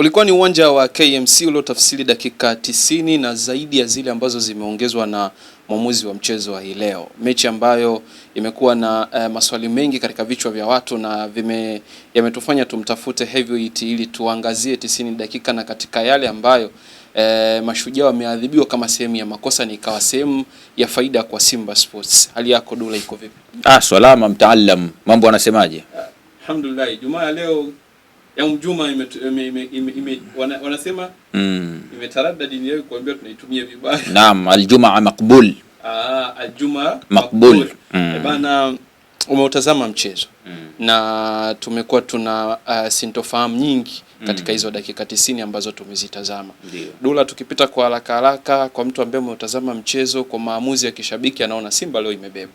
ulikuwa ni uwanja wa KMC uliotafsiri dakika tisini na zaidi ya zile ambazo zimeongezwa na mwamuzi wa mchezo wa hii leo, mechi ambayo imekuwa na uh, maswali mengi katika vichwa vya watu na vime yametufanya tumtafute Heavyweight ili tuangazie tisini dakika na katika yale ambayo E, mashujaa wameadhibiwa kama sehemu ya makosa ni ikawa sehemu ya faida kwa Simba Sports. Hali yako Dula iko vipi? Ah, salama mtaalam, mambo anasemaje? Alhamdulillah, Jumaa leo ya Mjuma ime, ime, ime, ime, wana, wanasema mm. Imetaradda dini yao kuambia tunaitumia vibaya. Naam, aljumaa maqbul. Ah, aljumaa maqbul. Mm. Eh, bana umeutazama mchezo mm. na tumekuwa tuna uh, sintofahamu nyingi mm. katika hizo dakika tisini ambazo tumezitazama. Dula, tukipita kwa haraka haraka, kwa mtu ambaye umeutazama mchezo kwa maamuzi ya kishabiki, anaona Simba leo imebeba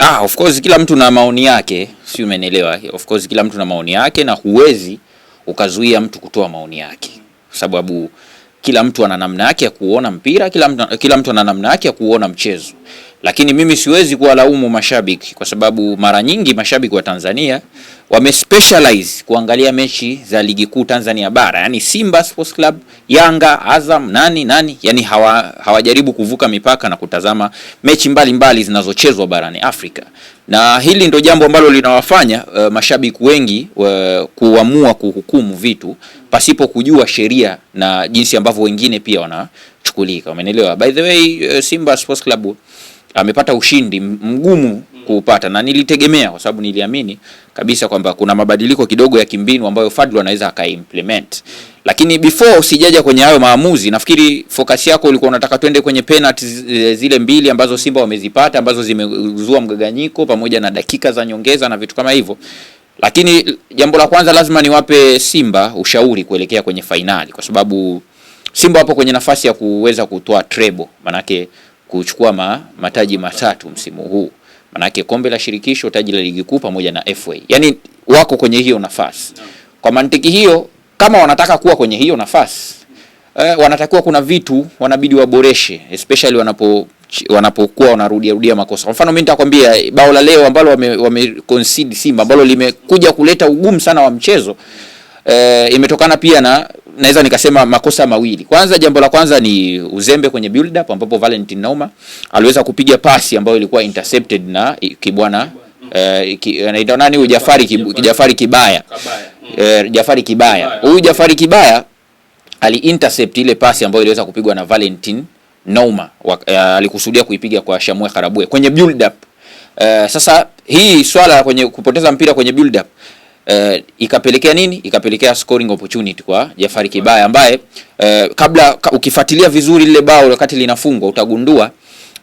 Ah, of course kila mtu na maoni yake, si umenielewa? Of course kila mtu na maoni yake, na huwezi ukazuia mtu kutoa maoni yake, sababu kila mtu ana namna yake ya kuona mpira, kila mtu, kila mtu ana namna yake ya kuona mchezo. Lakini mimi siwezi kuwalaumu mashabiki kwa sababu mara nyingi mashabiki wa Tanzania wame specialize kuangalia mechi za ligi kuu Tanzania bara, yani Simba Sports Club, Yanga, Azam, nani nani, yani hawa, hawajaribu kuvuka mipaka na kutazama mechi mbalimbali zinazochezwa barani Afrika, na hili ndo jambo ambalo linawafanya uh, mashabiki wengi uh, kuamua kuhukumu vitu pasipo kujua sheria na jinsi ambavyo wengine pia wanachukulika. Umeelewa? By the way, uh, Simba Sports Club amepata ushindi mgumu mm. kuupata, na nilitegemea kwa sababu niliamini kabisa kwamba kuna mabadiliko kidogo ya kimbinu ambayo Fadlu anaweza akaimplement. Mm. Lakini before usijaja kwenye hayo maamuzi, nafikiri focus yako ulikuwa unataka twende kwenye penalty e, zile mbili ambazo mm. Simba wamezipata ambazo zimezua mgaganyiko pamoja na dakika za nyongeza na vitu kama hivyo. Lakini jambo la kwanza lazima niwape Simba ushauri kuelekea kwenye fainali, kwa sababu Simba wapo kwenye nafasi ya kuweza kutoa treble manake kuchukua ma, mataji matatu msimu huu, manake kombe la shirikisho, taji la ligi kuu pamoja na FA. Yani wako kwenye hiyo nafasi. Kwa mantiki hiyo, kama wanataka kuwa kwenye hiyo nafasi eh, wanatakiwa kuna vitu wanabidi waboreshe, especially wanapo wanapokuwa wanarudia rudia makosa. Kwa mfano, mimi nitakwambia bao la leo ambalo wame, wame concede Simba ambalo limekuja kuleta ugumu sana wa mchezo eh, imetokana pia na naweza nikasema makosa mawili. Kwanza, jambo la kwanza ni uzembe kwenye build up, ambapo Valentin Nauma aliweza kupiga pasi ambayo ilikuwa intercepted na kibwana eh, ki, nani Jafari kib, Jafari Kibaya uh, Jafari Kibaya. Huyu Jafari Kibaya ali intercept ile pasi ambayo iliweza kupigwa na Valentin Nauma eh, alikusudia kuipiga kwa Shamwe karabue kwenye build up. Uh, sasa hii swala kwenye kupoteza mpira kwenye build up Uh, ikapelekea nini? Ikapelekea scoring opportunity kwa Jafari Kibaya ambaye uh, kabla ka, ukifuatilia vizuri lile bao wakati linafungwa utagundua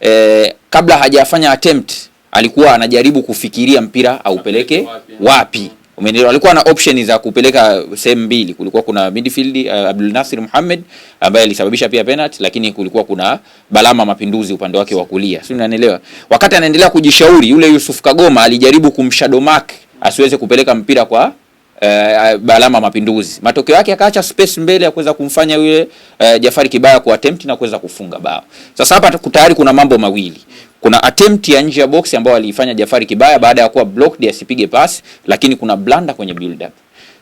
uh, kabla hajafanya attempt alikuwa anajaribu kufikiria mpira aupeleke wapi. umeelewa Alikuwa na option za kupeleka sehemu mbili. Kulikuwa kuna midfield uh, Abdul Nasir Muhammad ambaye alisababisha pia penalty, lakini kulikuwa kuna Balama Mapinduzi upande wake wa kulia. Sio, unanielewa? Wakati anaendelea kujishauri, yule Yusuf Kagoma alijaribu kumshadow mark asiweze kupeleka mpira kwa eh, Balama Mapinduzi. Matokeo yake akaacha space mbele ya kuweza kumfanya yule eh, Jafari Kibaya ku attempt na kuweza kufunga bao. Sasa hapa tayari kuna mambo mawili. Kuna attempt ya nje ya box ambayo aliifanya Jafari Kibaya baada ya kuwa blocked asipige pass, lakini kuna blunder kwenye build up.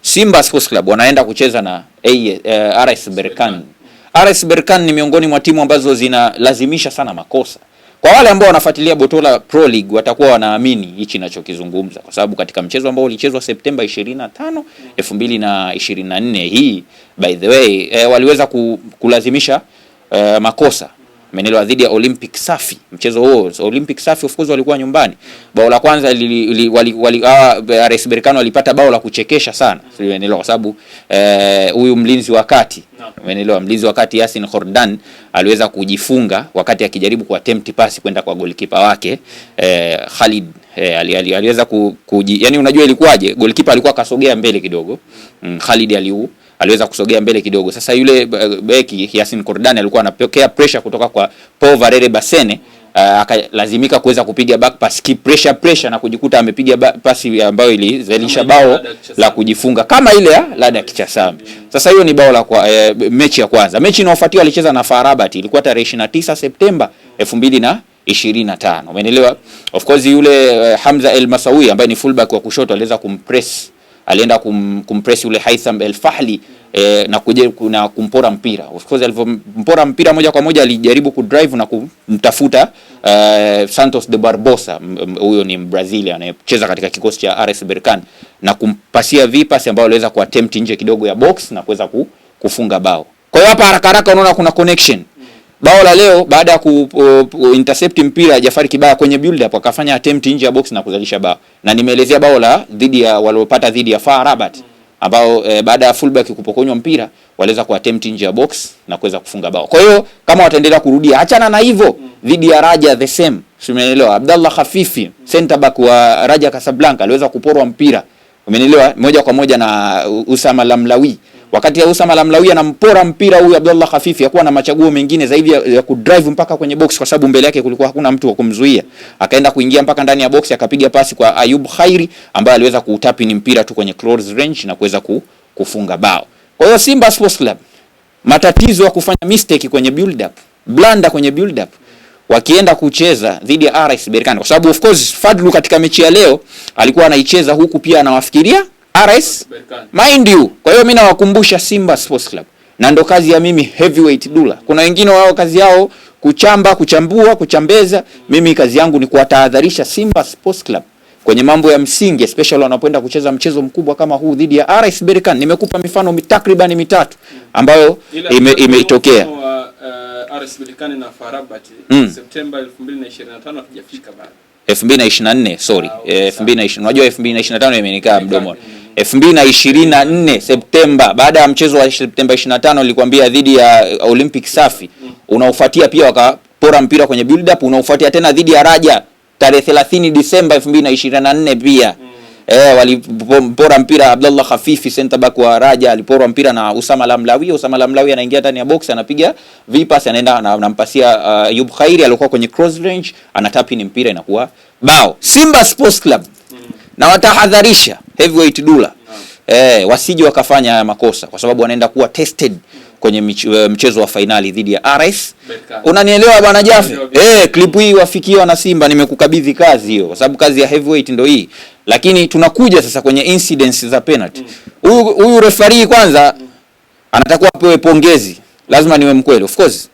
Simba Sports Club wanaenda kucheza na eh, RS Berkane. RS Berkane ni miongoni mwa timu ambazo zinalazimisha sana makosa. Kwa wale ambao wanafuatilia Botola Pro League watakuwa wanaamini hichi ninachokizungumza, kwa sababu katika mchezo ambao ulichezwa Septemba 25, 2024 hii by the way e, waliweza kulazimisha e, makosa Amenielewa, dhidi ya Olympic Safi, mchezo huo Olympic Safi of course walikuwa nyumbani. Bao la kwanza li, li, wali, wali, ah, RS Berkane walipata bao la kuchekesha sana. Umeelewa, kwa sababu eh, huyu eh, mlinzi wa kati umeelewa, mlinzi wa kati Yasin Khordan aliweza kujifunga wakati akijaribu kuattempt pasi kwenda kwa goalkeeper wake eh, Khalid He, eh, ali, ali, aliweza ku, kuji, yani unajua ilikuwaje, goalkeeper alikuwa kasogea mbele kidogo mm, Khalid aliu aliweza kusogea mbele kidogo. Sasa yule eh, beki Yasin Kordani alikuwa anapokea pressure kutoka kwa Paul Valere Basene uh, eh, akalazimika kuweza kupiga back pass ki pressure pressure na kujikuta amepiga pasi ambayo ilizalisha bao la kujifunga kama ile ya Lada Kichasambi. Sasa hiyo ni bao la kwa, eh, mechi ya kwanza. Mechi inayofuatia alicheza na FAR ilikuwa tarehe 29 Septemba 2000 na 25. Umeelewa? Of course yule uh, Hamza El Masawi ambaye ni fullback wa kushoto aliweza kumpress alienda kum, kumpress yule Haitham El Fahli eh, na kuje kuna kumpora mpira. Of course alivompora mpira moja kwa moja alijaribu kudrive na kumtafuta uh, Santos de Barbosa, huyo ni Brazil anayecheza katika kikosi cha RS Berkane na kumpasia vipasi ambayo aliweza kuattempt nje kidogo ya box na kuweza kufunga bao. Kwa hiyo hapa haraka haraka unaona kuna connection Bao la leo baada ya ku uh, intercept mpira Jafari Kibaya kwenye build up akafanya attempt nje ya box na kuzalisha bao. Na nimeelezea bao la dhidi ya waliopata dhidi ya FAR Rabat ambao eh, baada ya fullback kupokonywa mpira waliweza ku attempt nje ya box na kuweza kufunga bao. Kwa hiyo kama wataendelea kurudia, achana na hivyo dhidi ya Raja the same. Umeelewa? Abdallah Khafifi center back wa Raja Casablanca aliweza kuporwa mpira. Umeelewa? Moja kwa moja na Usama Lamlawi wakati ya Usama Lamlawi anampora mpira huyu Abdullah Khafifi, hakuwa na machaguo mengine zaidi ya, ya kudrive mpaka kwenye box, kwa sababu mbele yake kulikuwa hakuna mtu wa kumzuia. Akaenda kuingia mpaka ndani ya box, akapiga pasi kwa Ayub Khairi ambaye aliweza kuutapi ni mpira tu kwenye close range na kuweza kufunga bao. Kwa hiyo Simba Sports Club matatizo ya kufanya mistake kwenye build up, blanda kwenye build up wakienda kucheza dhidi ya RS Berkane, kwa sababu of course Fadlu katika mechi ya leo alikuwa anaicheza huku pia anawafikiria RS mind you. Kwa hiyo mimi nawakumbusha Simba Sports Club, na ndo kazi ya mimi Heavyweight Dula. Kuna wengine wao kazi yao kuchamba, kuchambua, kuchambeza. Mimi kazi yangu ni kuwatahadharisha Simba Sports Club kwenye mambo ya msingi, especially wanapoenda kucheza mchezo mkubwa kama huu dhidi ya RS Berkane. Nimekupa mifano takriban mitatu ambayo imetokea ime uh, Mm. Septemba 2025 hatujafika bado. 2024 sorry. 2020 ah, unajua 2025 imenikaa mdomo. 2024 Septemba, baada ya mchezo wa Septemba 25 nilikwambia dhidi ya Olympic Safi, unaofuatia pia wakapora mpira kwenye build up, unaofuatia tena dhidi ya Raja tarehe 30 Disemba 2024 pia hmm. Eh, walipora mpira Abdullah Khafifi center back wa Raja aliporwa mpira na Usama Lamlawi. Usama Lamlawi anaingia ndani ya box anapiga vipas anaenda anampasia uh, Ayub Khairi alikuwa kwenye cross range anatapi ni mpira inakuwa bao. Simba Sports Club. Mm. Na watahadharisha Heavyweight Dula eh, wasije wakafanya haya makosa, kwa sababu wanaenda kuwa tested kwenye eh, mchezo wa fainali dhidi ya RS. Unanielewa bwana Jafe? Eh, clip hii wafikie wana Simba, nimekukabidhi kazi hiyo, kwa sababu kazi ya Heavyweight ndio hii. Lakini tunakuja sasa kwenye incidents za penalty. Mm. Huyu huyu referee kwanza anatakuwa apewe pongezi, lazima niwe mkweli, of course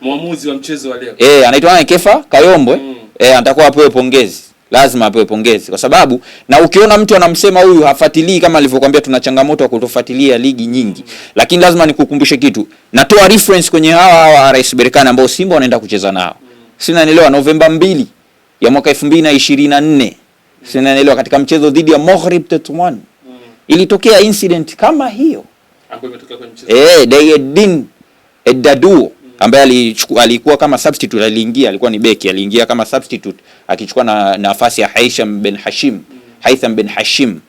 muamuzi wa mchezo wa leo eh, anaitwa nani? Kefa Kayombwe mm. Eh, anatakuwa apewe pongezi lazima apewe pongezi, kwa sababu na ukiona mtu anamsema huyu hafuatilii, kama alivyokuambia, tuna changamoto ya kutofuatilia ligi nyingi, lakini lazima nikukumbushe kitu. Natoa reference kwenye hawa hawa Rais Berkane ambao Simba wanaenda kucheza nao, sinanielewa, Novemba mbili ya mwaka 2024 sinanielewa, katika mchezo dhidi ya mohrib tetuan ilitokea incident kama hiyo. Ambayo imetokea kwenye mchezo eh Dayedin Edaduo ambaye alikuwa kama substitute aliingia, alikuwa ni beki, aliingia kama substitute akichukua na nafasi ya Haisham bin Hashim, Haitham bin Hashim.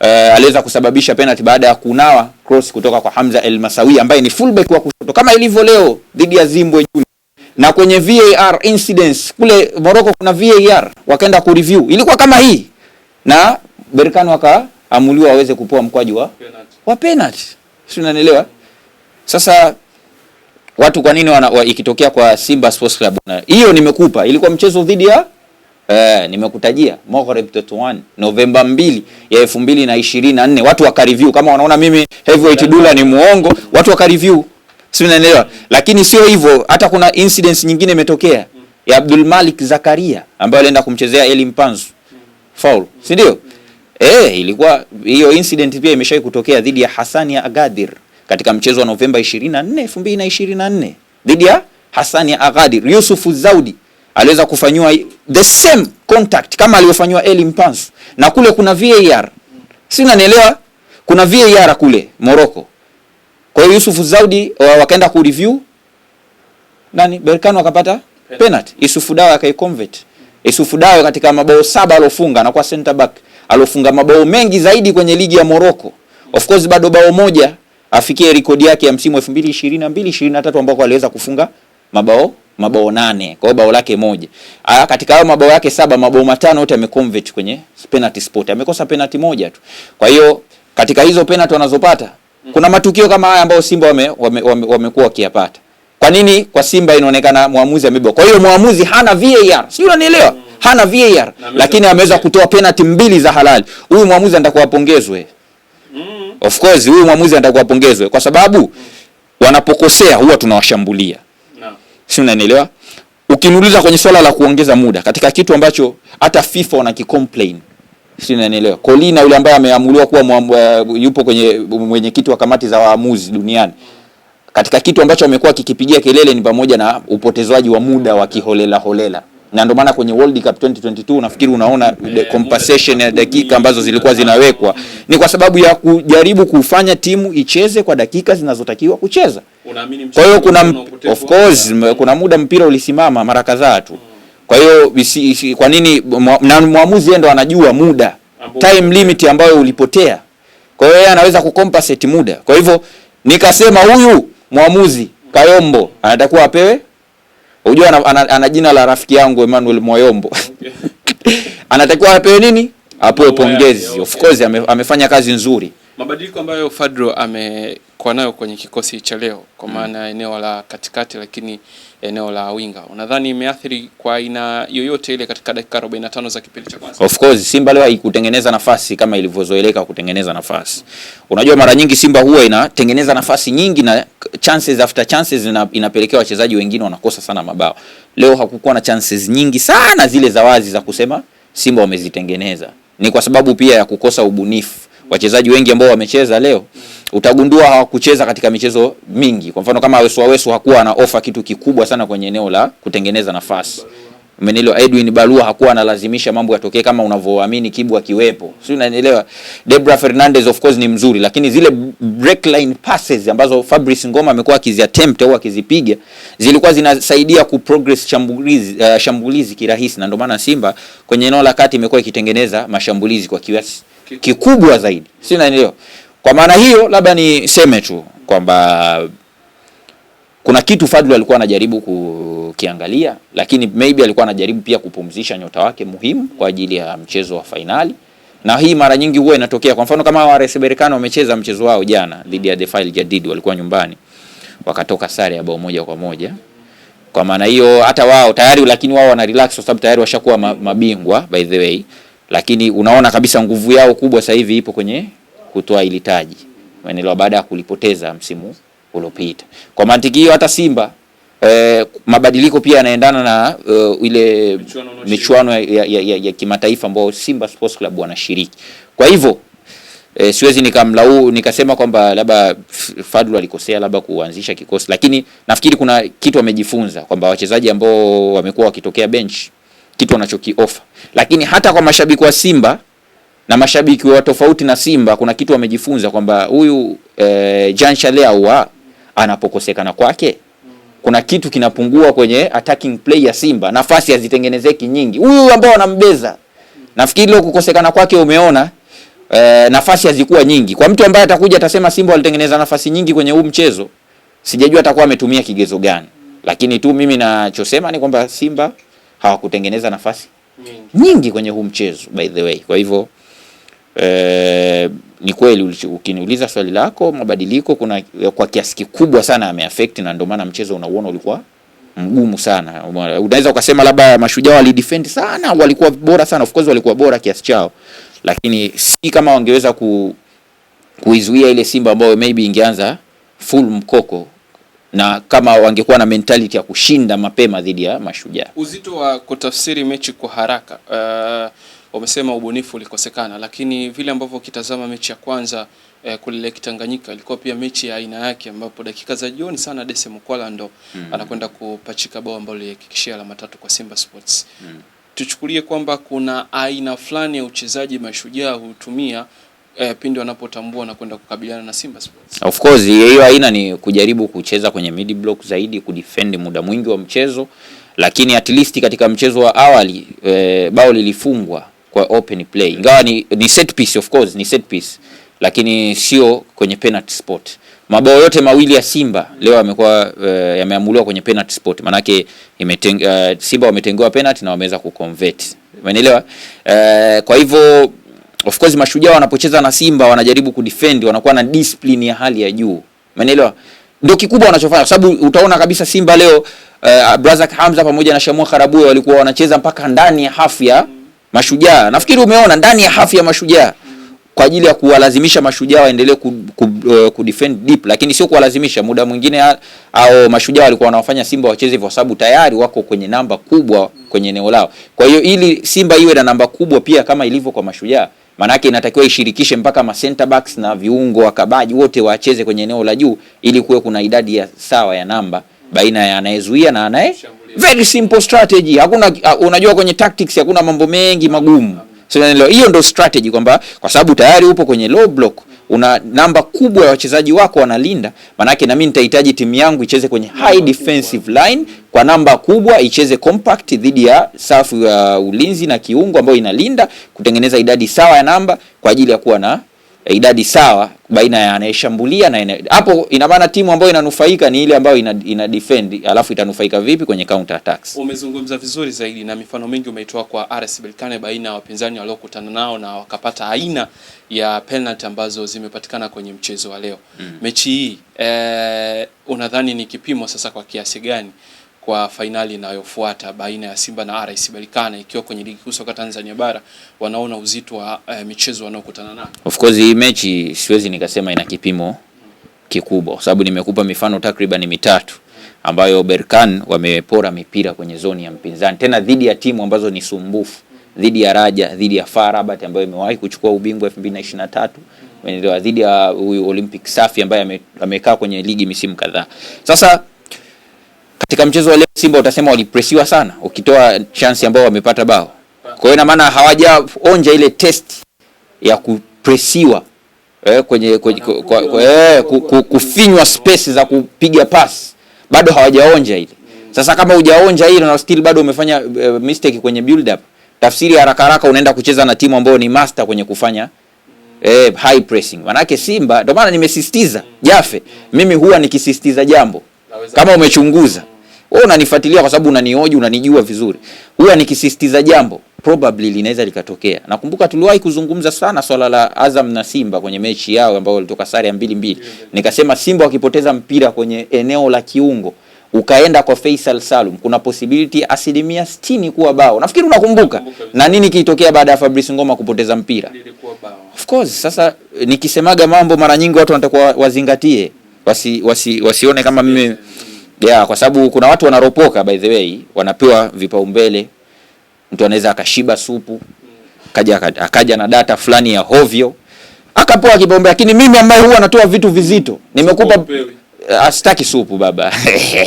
Uh, aliweza kusababisha penalty baada ya kunawa cross kutoka kwa Hamza El Masawi ambaye ni fullback wa kushoto kama ilivyo leo dhidi ya Zimbwe Juniors. Na kwenye VAR incidents kule Morocco kuna VAR, wakaenda ku review ilikuwa kama hii, na Berkane wakaamuliwa waweze kupoa mkwaju wa penalty wa penalty, si unanielewa sasa watu kwa nini wana, wa, ikitokea kwa Simba Sports Club hiyo nimekupa, ilikuwa mchezo dhidi ya eh, nimekutajia Maghreb Tetouan Novemba 2 ya 2024, watu wakareview kama wanaona mimi Heavyweight Dulla ni muongo, watu wakareview, si unaelewa. Lakini sio hivyo, hata kuna incidents nyingine imetokea ya Abdul Malik Zakaria ambaye alienda kumchezea Eli Mpanzu foul, si ndio? Eh, ilikuwa hiyo incident pia imeshawahi kutokea dhidi ya Hassania Agadir katika mchezo wa Novemba 24, 2024 dhidi ya Hasani ya Agadir. Yusuf Zaudi aliweza kufanywa the same contact kama aliyofanywa Eli Mpanzu, na kule kuna VAR, si unanielewa? Kuna VAR kule Morocco. Kwa hiyo Yusuf Zaudi wakaenda ku review nani, Berkane akapata penalty, Yusuf Dawa akaiconvert. Yusuf Dawa katika mabao saba alofunga na kwa center back alofunga mabao mengi zaidi kwenye ligi ya Morocco. Of course bado bao moja afikie rekodi yake ya msimu 2022 23 ambako aliweza kufunga mabao mabao nane kwa bao lake moja. Ah, katika hayo mabao yake saba mabao matano yote ameconvert kwenye penalty spot. Amekosa penalty moja tu. Kwa hiyo katika hizo penalty wanazopata mm. kuna matukio kama haya ambayo Simba wamekuwa wame, wame, wame wakiyapata. Kwa nini kwa Simba inaonekana muamuzi amebeba? Kwa hiyo muamuzi hana VAR. Sijui unanielewa? Mm. Hana VAR, lakini ameweza kutoa penalty mbili za halali. Huyu muamuzi anataka apongezwe. Mm. Of course huyu mwamuzi anataka apongezwe kwa sababu mm. wanapokosea huwa tunawashambulia. No. Si unanielewa? Ukiniuliza kwenye swala la kuongeza muda katika kitu ambacho hata FIFA wanakicomplain. Si unanielewa? yule ambaye ameamuliwa kuwa mwamba, yupo kwenye mwenyekiti wa kamati za waamuzi duniani. Katika kitu ambacho amekuwa kikipigia kelele ni pamoja na upotezwaji wa muda wa kiholela holela na ndio maana kwenye World Cup 2022 nafikiri unaona eh, compensation ya dakika ambazo zilikuwa zinawekwa ni kwa sababu ya kujaribu kufanya timu icheze kwa dakika zinazotakiwa kucheza. Kwa hiyo kuna of course, kuna muda mpira ulisimama mara kadhaa tu. Hmm. Kwa hiyo kwa nini na mwamuzi ndo anajua muda time limit ambayo ulipotea, kwa hiyo yeye anaweza kucompensate muda. Kwa hivyo nikasema huyu mwamuzi Kayombo anatakuwa apewe Unajua ana, ana, ana jina la rafiki yangu Emmanuel Moyombo. Anatakiwa apewe nini? Apewe pongezi. Of course ame, amefanya kazi nzuri. Mabadiliko ambayo Fadro amekuwa nayo kwenye kikosi cha leo kwa mm. maana mm. eneo la katikati, lakini eneo la winga, unadhani imeathiri kwa aina yoyote ile katika dakika 45 za kipindi cha kwanza? Of course Simba leo haikutengeneza nafasi kama ilivyozoeleka kutengeneza nafasi. Unajua mara nyingi Simba huwa inatengeneza nafasi nyingi na chances after chances ina, inapelekea wachezaji wengine wanakosa sana mabao. Leo hakukuwa na chances nyingi sana zile za wazi za kusema Simba wamezitengeneza, ni kwa sababu pia ya kukosa ubunifu wachezaji wengi ambao wamecheza leo utagundua hawakucheza katika michezo mingi. Kwa mfano kama Wesu Wesu hakuwa ana ofa kitu kikubwa sana kwenye eneo la kutengeneza nafasi. Umenelewa? Edwin Balua hakuwa analazimisha mambo yatokee kama unavyoamini Kibu akiwepo. Si unanielewa? Debra Fernandez of course ni mzuri, lakini zile breakline passes ambazo Fabrice Ngoma amekuwa akiziattempt au akizipiga zilikuwa zinasaidia progress shambulizi, uh, shambulizi kirahisi na ndio maana Simba kwenye eneo la kati imekuwa ikitengeneza mashambulizi kwa kiasi kikubwa zaidi, si naelewa. Kwa maana hiyo, labda niseme tu kwamba kuna kitu Fadlu alikuwa anajaribu kukiangalia, lakini maybe alikuwa anajaribu pia kupumzisha nyota wake muhimu kwa ajili ya mchezo wa fainali, na hii mara nyingi huwa inatokea. Kwa mfano kama wa resberikano wamecheza mchezo wao jana dhidi ya Defail Jadid, walikuwa nyumbani wakatoka sare ya bao moja kwa moja. Kwa maana hiyo hata wao tayari, lakini wao wana relax kwa sababu tayari washakuwa mabingwa by the way lakini unaona kabisa nguvu yao kubwa sasa hivi ipo kwenye kutoa ile taji, baada ya kulipoteza msimu uliopita. Kwa mantiki hiyo hata Simba eh, mabadiliko pia yanaendana na uh, ile michuano, michuano ya, ya, ya, ya kimataifa ambayo Simba Sports Club wanashiriki. Kwa hivyo eh, siwezi nikamlau nikasema kwamba labda Fadlu alikosea labda kuanzisha kikosi, lakini nafikiri kuna kitu amejifunza kwamba wachezaji ambao wamekuwa wakitokea bench kitu wanachokiofa. Lakini hata kwa mashabiki wa Simba na mashabiki wa tofauti na Simba kuna kitu wamejifunza kwamba huyu e, Jean Charles Ahoua anapokosekana kwake kuna kitu kinapungua kwenye attacking play ya Simba, nafasi hazitengenezeki nyingi. Huyu ambao wanambeza, nafikiri leo kukosekana kwake umeona e, nafasi hazikuwa nyingi. Kwa mtu ambaye atakuja atasema Simba walitengeneza nafasi nyingi kwenye huu mchezo, sijajua atakuwa ametumia kigezo gani, lakini tu mimi nachosema ni kwamba Simba hawakutengeneza nafasi nyingi, nyingi kwenye huu mchezo by the way. Kwa hivyo e, ni kweli ukiniuliza swali lako, mabadiliko kuna kwa kiasi kikubwa sana ameaffect, na ndio maana mchezo unauona ulikuwa mgumu sana. Unaweza ukasema labda mashujaa walidefend sana, walikuwa bora sana, of course walikuwa bora kiasi chao, lakini si kama wangeweza ku, kuizuia ile Simba ambayo maybe ingeanza full mkoko na kama wangekuwa na mentality ya kushinda mapema dhidi ya Mashujaa. Uzito wa kutafsiri mechi kwa haraka uh, wamesema ubunifu ulikosekana, lakini vile ambavyo ukitazama mechi ya kwanza uh, kule Lake Tanganyika ilikuwa pia mechi ya aina yake, ambapo dakika za jioni sana Dese Mukwala ndo mm -hmm. anakwenda kupachika bao ambalo lilihakikishia alama tatu kwa Simba Sports mm -hmm. tuchukulie kwamba kuna aina fulani ya uchezaji Mashujaa hutumia eh, pindi wanapotambua na kwenda kukabiliana na Simba Sports. Of course hiyo aina ni kujaribu kucheza kwenye mid block zaidi, kudefend muda mwingi wa mchezo, lakini at least katika mchezo wa awali eh, bao lilifungwa kwa open play, ingawa ni, ni set piece, of course ni set piece, lakini sio kwenye penalty spot. Mabao yote mawili ya Simba leo yamekuwa eh, yameamuliwa kwenye penalty spot, manake imeteng, eh, Simba wametengewa penalty na wameweza kuconvert, umeelewa eh, kwa hivyo Of course mashujaa wanapocheza na Simba wanajaribu kudefend, wanakuwa na discipline ya hali ya juu, umeelewa? Ndio kikubwa wanachofanya kwa sababu utaona kabisa Simba leo uh, Brazak Hamza pamoja na Shamua Karabue walikuwa wanacheza mpaka ndani ya hafu ya mashujaa. Nafikiri umeona ndani ya hafu ya mashujaa kwa ajili ya kuwalazimisha mashujaa waendelee ku, ku, uh, eh, defend deep, lakini sio kuwalazimisha. Muda mwingine au mashujaa walikuwa wanawafanya Simba wacheze hivyo, sababu tayari wako kwenye namba kubwa kwenye eneo lao. Kwa hiyo ili Simba iwe na namba kubwa pia kama ilivyo kwa mashujaa Maanake inatakiwa ishirikishe mpaka ma center backs na viungo wakabaji wote wacheze kwenye eneo la juu, ili kuwe kuna idadi ya sawa ya namba baina ya anayezuia na anaye. Very simple strategy. Hakuna, uh, unajua kwenye tactics hakuna mambo mengi magumu. So hiyo ndio strategy kwamba kwa sababu tayari upo kwenye low block, una namba kubwa ya wachezaji wako wanalinda, manake nami nitahitaji timu yangu icheze kwenye high defensive line kwa namba kubwa, icheze compact dhidi ya safu ya ulinzi na kiungo ambayo inalinda, kutengeneza idadi sawa ya namba kwa ajili ya kuwa na Eh, idadi sawa baina ya anayeshambulia na hapo, ina maana timu ambayo inanufaika ni ile ambayo ina, ina defend, alafu itanufaika vipi kwenye counter attacks. Umezungumza vizuri zaidi na mifano mingi umeitoa kwa RS Berkane baina ya wapinzani waliokutana nao na wakapata aina ya penalty ambazo zimepatikana kwenye mchezo wa leo mm. Mechi hii e, unadhani ni kipimo sasa kwa kiasi gani kwa fainali inayofuata baina ya Simba na RS Berkane ikiwa kwenye ligi kuu soka Tanzania bara, wanaona uzito wa eh, michezo wanaokutana nayo. Of course hii mechi siwezi nikasema ina kipimo kikubwa kwa sababu nimekupa mifano takriban mitatu ambayo Berkane wamepora mipira kwenye zoni ya mpinzani, tena dhidi ya timu ambazo ni sumbufu, dhidi ya Raja, dhidi ya FAR Rabat ambayo imewahi kuchukua ubingwa 2023 dhidi ya huyu Olympic Safi ambaye amekaa kwenye ligi misimu kadhaa sasa katika mchezo wa leo Simba utasema walipresiwa sana, ukitoa chansi ambao wamepata bao. Kwa hiyo ina maana hawajaonja ile test ya kupresiwa eh, kwenye, kwenye kwa, kwa, kwa, eh, kufinywa space za kupiga pass, bado hawajaonja ile. Sasa kama hujaonja ile na still bado umefanya uh, mistake kwenye build up, tafsiri haraka haraka unaenda kucheza na timu ambayo ni master kwenye kufanya eh, high pressing. Manake Simba ndio maana nimesisitiza Jafe, mimi huwa nikisisitiza jambo kama umechunguza wewe unanifuatilia kwa sababu unanioji, unanijua vizuri. huyu nikisisitiza jambo probably linaweza likatokea. Nakumbuka tuliwahi kuzungumza sana swala la Azam na Simba kwenye mechi yao ambayo walitoka sare ya mbili mbili. Nikasema Simba wakipoteza mpira kwenye eneo la kiungo ukaenda kwa Faisal Salum, kuna possibility asilimia sitini kuwa bao. Nafikiri unakumbuka na nini kilitokea baada ya Fabrice Ngoma kupoteza mpira. Of course, sasa eh, nikisemaga mambo mara nyingi watu wanatakuwa wazingatie, wasi, wasi, wasione kama mimi yeah, kwa sababu kuna watu wanaropoka, by the way, wanapewa vipaumbele. Mtu anaweza akashiba supu akaja akaja na data fulani ya hovyo akapewa kipaumbele, lakini mimi ambaye huwa natoa vitu vizito nimekupa astaki ah, supu baba.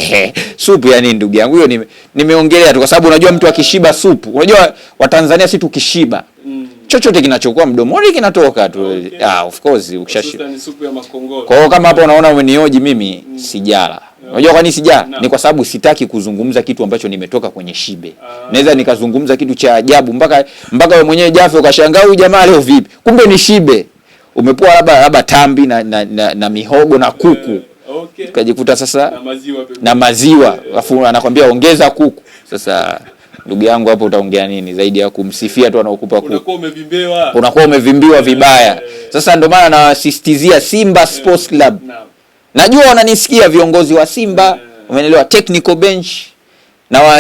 Supu ya nini ndugu yangu? Hiyo nimeongelea nime tu, kwa sababu unajua mtu akishiba supu, unajua Watanzania si tukishiba mm. chochote kinachokuwa mdomoni kinatoka tu okay. Ah, of course ukishashiba supu ya makongoro. Kwa hiyo kama hapo unaona umenioji mimi mm. sijala Unajua kwa nini sija? Ni kwa sababu sitaki kuzungumza kitu ambacho nimetoka kwenye shibe. Ah. Naweza nikazungumza kitu cha ajabu mpaka mpaka wewe mwenyewe Jafe ukashangaa huyu jamaa leo vipi? Kumbe ni shibe. Umepoa labda labda tambi na, na, na, na mihogo na kuku. Eh, okay. Ukajikuta sasa na maziwa pepe. Na maziwa. Alafu anakwambia ongeza kuku. Sasa ndugu yangu hapo utaongea nini zaidi ya kumsifia tu anaokupa kuku. Unakuwa umevimbewa. Unakuwa umevimbiwa vibaya. Eh. Sasa ndio maana nawasisitizia Simba Sports Club. Na. Najua wananisikia viongozi wa Simba, umenielewa, technical bench na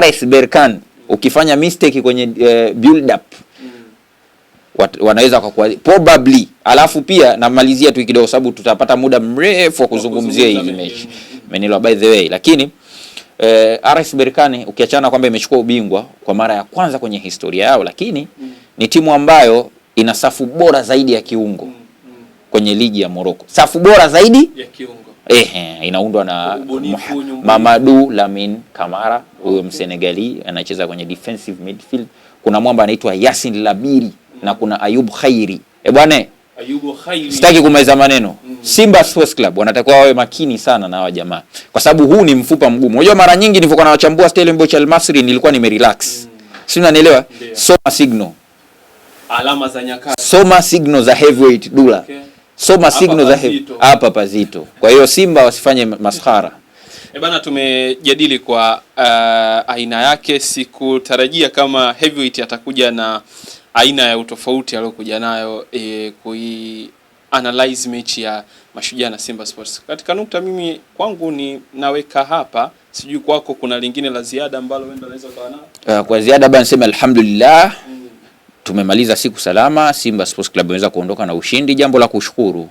RS Berkane, ukifanya mistake kwenye uh, build up mm. Wat, wanaweza kwa probably. Alafu pia namalizia tu kidogo, sababu tutapata muda mrefu wa kuzungumzia hii mechi, mm. umenielewa by the way, lakini eh, RS Berkane ukiachana kwamba imechukua ubingwa kwa mara ya kwanza kwenye historia yao, lakini mm. ni timu ambayo ina safu bora zaidi ya kiungo kwenye ligi ya Morocco. Safu bora zaidi ya kiungo Ehe, inaundwa na Mamadou Lamine Kamara, huyo okay. Msenegali anacheza kwenye defensive midfield. Kuna mwamba anaitwa Yasin Labiri mm. na kuna Ayub Khairi E bwana Ayub Khairi. Sitaki kumaliza maneno mm. Simba Sports Club wanatakiwa wawe makini sana na hawa jamaa, kwa sababu huu ni mfupa mgumu. Unajua, mara nyingi nilivyokuwa nawachambua Stellenbosch Al Masry nilikuwa nimerelax mm. si unanielewa? Soma signal, alama za nyakati, soma signal za Heavyweight Dula okay soma signal za hapa pazito. Kwa hiyo Simba wasifanye maskhara. E bana, tumejadili kwa uh, aina yake. Sikutarajia kama Heavyweight atakuja na aina ya utofauti aliyokuja nayo e, kui analyze mechi ya Mashujaa na Simba Sports. Katika nukta mimi kwangu ni naweka hapa, sijui kwako kuna lingine la ziada ambalo wewe unaweza nalo. Uh, kwa ziada bana, sema alhamdulillah mm tumemaliza siku salama. Simba Sports Club imeweza kuondoka na ushindi, jambo la kushukuru.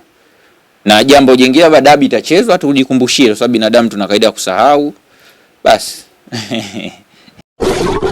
Na jambo jingine, baada dabi itachezwa, tujikumbushie, kwa sababu binadamu tuna kaida ya kusahau. Basi